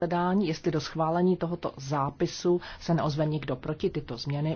zasedání, jestli do schválení tohoto zápisu se neozve nikdo proti, tyto změny